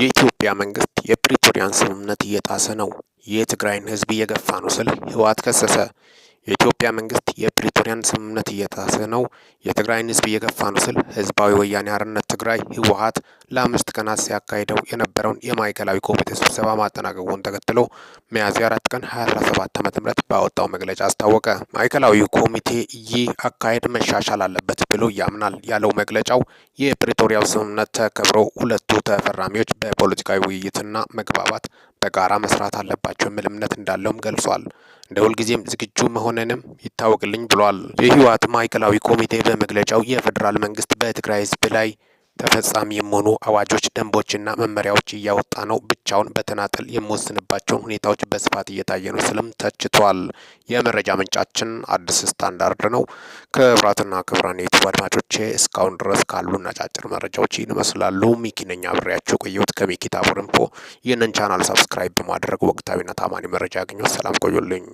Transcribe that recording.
የኢትዮጵያ መንግስት የፕሪቶሪያን ስምምነት እየጣሰ ነው፣ የትግራይን ህዝብ እየገፋ ነው ስል ህወሓት ከሰሰ። የኢትዮጵያ መንግስት የፕሪቶሪያን ስምምነት እየጣሰ ነው፣ የትግራይን ህዝብ እየገፋ ነው ስል ህዝባዊ ወያኔ አርነት ትግራይ ህወሀት ለአምስት ቀናት ሲያካሂደው የነበረውን የማዕከላዊ ኮሚቴ ስብሰባ ማጠናቀቁን ተከትሎ ሚያዝያ አራት ቀን 2017 ዓ.ም ባወጣው መግለጫ አስታወቀ። ማዕከላዊ ኮሚቴ ይህ አካሄድ መሻሻል አለበት ብሎ ያምናል ያለው መግለጫው የፕሪቶሪያው ስምምነት ተከብሮ ሁለቱ ተፈራሚዎች በፖለቲካዊ ውይይትና መግባባት በጋራ መስራት አለባቸው የሚል እምነት እንዳለውም ገልጿል። ለሁልጊዜም ዝግጁ መሆንንም ይታወቅልኝ ብሏል። የህወሓት ማዕከላዊ ኮሚቴ በመግለጫው የፌዴራል መንግስት በትግራይ ህዝብ ላይ ተፈጻሚ የመሆኑ አዋጆች፣ ደንቦችና መመሪያዎች እያወጣ ነው። ብቻውን በተናጠል የሚወስንባቸውን ሁኔታዎች በስፋት እየታየ ነው ስልም ተችቷል። የመረጃ ምንጫችን አዲስ ስታንዳርድ ነው። ክብራትና ክብራን የዩቱብ አድማጮቼ እስካሁን ድረስ ካሉ አጫጭር መረጃዎች ይመስላሉ። ሚኪ ነኝ አብሬያችሁ ቆየሁት። ከሚኪ ታቦር ኢንፎ። ይህንን ቻናል ሳብስክራይብ በማድረግ ወቅታዊና ታማኒ መረጃ ያገኘው። ሰላም ቆዩልኝ።